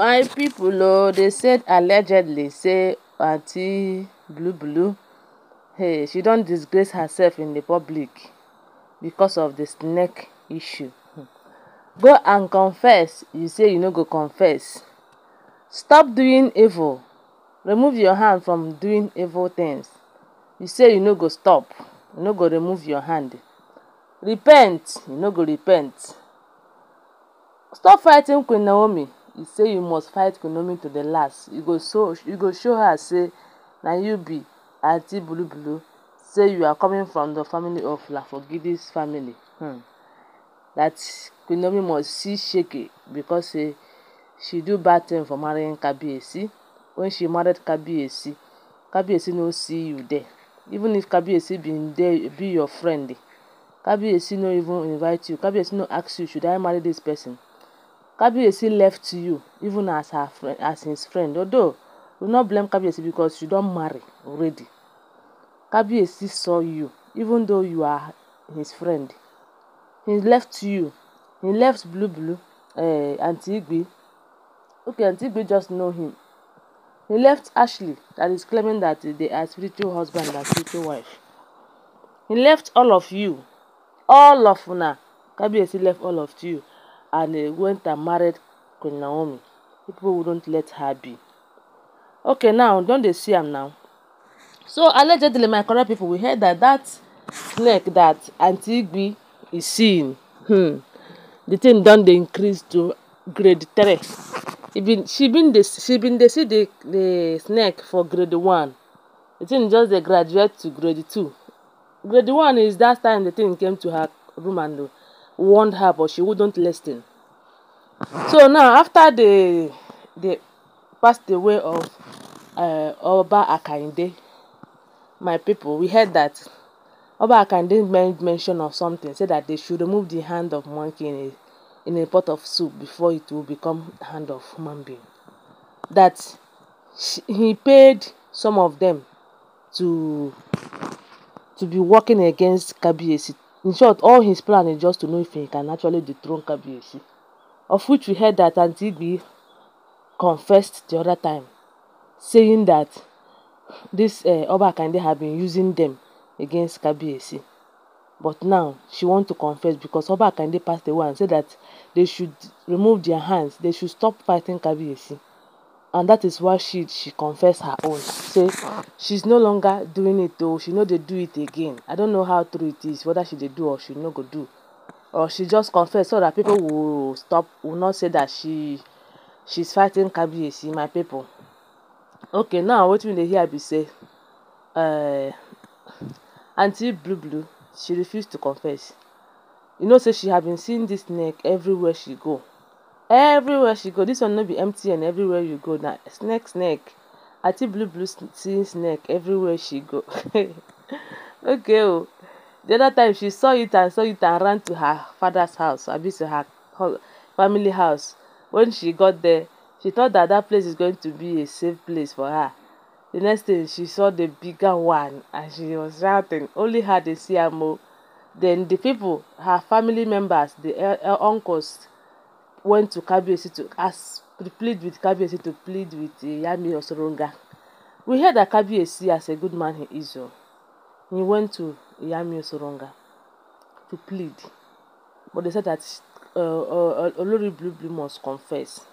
my people, oo dey said allegedly say aunty blue Blue, hey she don disgrace herself in the public because of the snake issue go and confess you say you no go confess stop doing evil remove your hand from doing evil things you say you no go stop you no go remove your hand repent you no go repent stop fighting queen naomi He say you must fight Kunomi to the last you go so you go show her say na you be aunty Bulubulu say you are coming from the family of Lafogidi's family um that Kunomi must see shege because say she do bad thing for marrying Kabiyesi when she married Kabiyesi Kabiyesi no see you there even if Kabiyesi been there be your friend Kabiyesi no even invite you Kabiyesi no ask you should I marry this person Kabiyesi left you even as her friend, as his friend. Although we not blame Kabiyesi because you don't marry already. Kabiyesi saw you even though you are his friend. He left you. He left Blue Blue, uh, Aunty Igbe. Okay, Aunty Igbe just know him. He left Ashley that is claiming that they are spiritual husband and spiritual wife. He left all of you. All of una. Kabiyesi left all of you and uh, went and married Queen Naomi. People wouldn't let her be. Okay, now, don't they see him now? So, allegedly, my correct people, we heard that that snake that Auntie is seeing, hmm, the thing done dey increase to grade three. E bin, she been dey she been dey see the the snake for grade one. The thing just they graduate to grade two. Grade one is that time the thing came to her room and uh, warned her, but she wouldn't listen. So now, after the the passed away of uh, Oba Akande, my people, we heard that Oba Akande made mention of something, said that they should remove the hand of monkey in a, in a pot of soup before it will become hand of human being. That she, he paid some of them to to be working against Kabiyesi In short, all his plan is just to know if he can actually dethrone Kabiyesi, of which we heard that Aunty Igbi confessed the other time, saying that this uh, Oba Akande had been using them against Kabiyesi. But now she want to confess because Oba Akande passed away and said that they should remove their hands, they should stop fighting Kabiyesi and that is why she she confess her own say she's no longer doing it though. she no dey do it again i don't know how true it is whether she dey do or she no go do or she just confess so that people will stop will not say that she she's fighting kabiyesi my people okay now wetin we dey hear be say uh, aunty blue blue she refuse to confess you know say she have been seeing this snake everywhere she go Everywhere she go, this one no be empty. And everywhere you go now snake snake, anty blue blue see snake everywhere she go okay oo. Oh. The other time she saw it and saw it and ran to her father's house mean to her family house. When she got there, she thought that that place is going to be a safe place for her. The next thing she saw the bigger one and she was shouting only her the C M O, Then the people her family members the uncles went to KBC to ask to plead with KBC to plead with uh, Yami Osoronga. We heard that KBC as a good man he is, oh. he went to Yami Osoronga to plead, but they said that uh, uh, Olori Blue Blue must confess.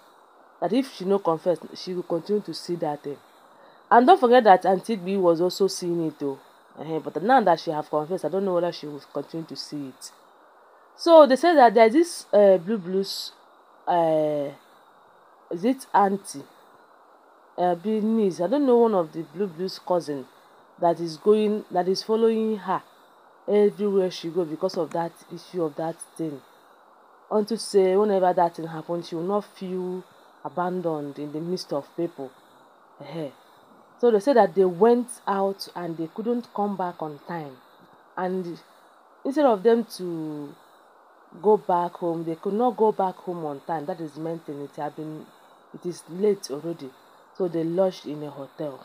That if she no confess, she will continue to see that thing. Eh. And don't forget that Auntie B was also seeing it though. uh uh-huh, But now that she have confessed, I don't know whether she will continue to see it. So they said that there is this uh, Blue Blues uh, is it auntie, uh, be niece, I don't know one of the Blue Blue's cousin that is going, that is following her everywhere she go because of that issue of that thing. Unto say whenever that thing happens, she will not feel abandoned in the midst of people. Uh-huh. So they said that they went out and they couldn't come back on time. And instead of them to go back home. They could not go back home on time. That is meant in It had been it is late already. So they lodged in a hotel.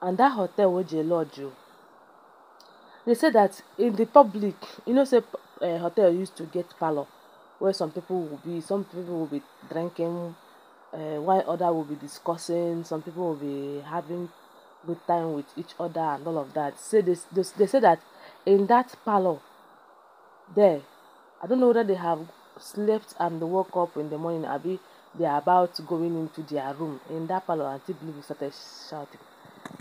And that hotel where they lodge you. They said that in the public, you know, say uh, hotel used to get parlor where some people will be some people will be drinking uh, while other will be discussing some people will be having good time with each other and all of that say so they, said they say that in that parlor there I don't know whether they have slept and they woke up in the morning, Abby. they are about going into their room in that parlor until still started shouting,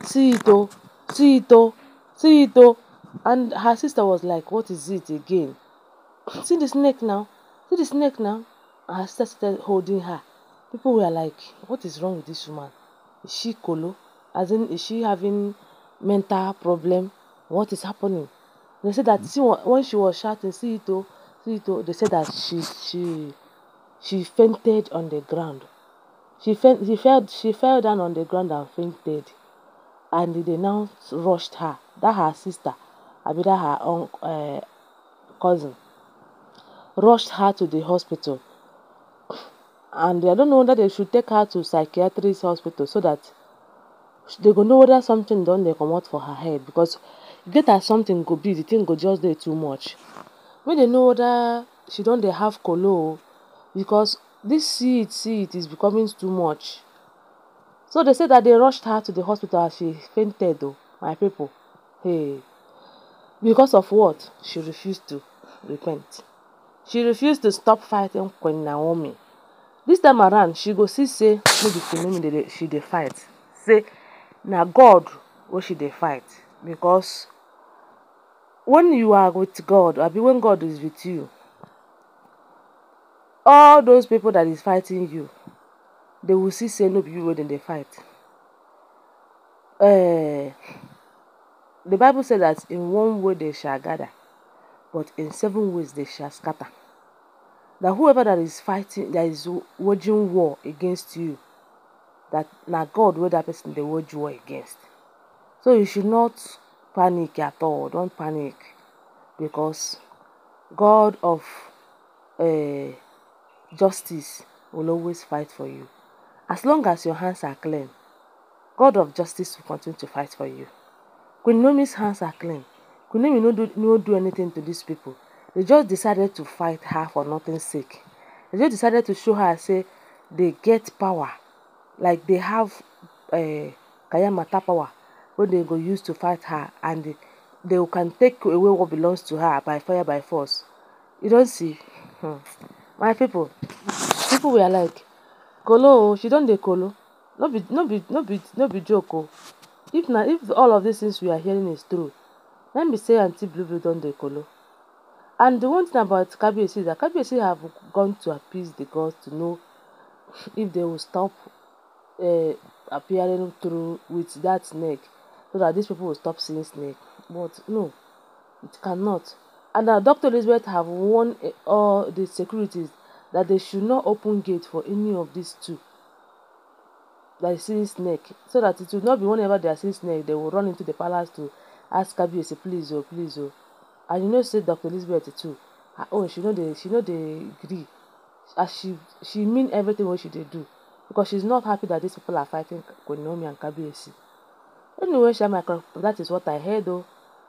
Tito, oh, Tito, oh, Tito. Oh. And her sister was like, What is it again? See the snake now, see the snake now. And her sister started holding her. People were like, What is wrong with this woman? Is she colo? As in, is she having mental problem? What is happening? They said that see, when she was shouting, see it, See, they said that she she she fainted on the ground. She fell she fell she fell down on the ground and fainted, and they now rushed her. That her sister, I mean that her own uh, eh, cousin, rushed her to the hospital. And I don't know that they should take her to psychiatrist hospital so that they go know whether something done they come out for her head because get her something could be the thing go just there too much. Make dem know whether she don dey have kolo oo because this see it see it is becoming too much. So they say that they rushed her to the hospital as she fainted oo my people hey because of what? She refused to repent. She refused to stop fighting Queen Naomi. This time around she go see say no be Queen Naomi she dey fight say na God wey she dey fight because when you are with God, I mean, when God is with you, all those people that is fighting you, they will see say no be you when they fight. Uh, the Bible says that in one way they shall gather, but in seven ways they shall scatter. That whoever that is fighting, that is waging war against you, that now God will that person they wage war against. So you should not panic at all don't panic because god of uh, justice will always fight for you as long as your hands are clean god of justice will continue to fight for you queen naomi's hands are clean queen naomi no do no do anything to these people they just decided to fight her for nothing sake they just decided to show her say they get power like they have uh, kayamata power wey dem go use to fight her and they can take away what belongs to her by fire by force. You don see? Hmm. My people, people we are like, Kolo o, she don dey kolo. No be no be no be no be joke o. If na if all of these things we are hearing is true, let me say Aunty Blue Blue don dey kolo. And the one thing about Kabiyesi is that Kabiyesi have gone to appease the gods to know if they will stop uh, appearing through with that snake so that these people will stop seeing snake. But no, it cannot. And Dr. Elizabeth have warned eh, all the securities that they should not open gate for any of these two that see snake so that it will not be whenever they are seeing snake they will run into the palace to ask Kabiyesi please oh please oh and you know say Dr. Elizabeth too her own she know the, she know dey gree as she she mean everything what she did do because she's not happy that these people are fighting Queen and Kabiyesi Anyway, Shamaka, that is what I heard though.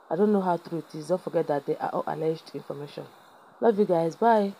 I don't know how true it is. Don't forget that they are all alleged information. Love you guys. Bye.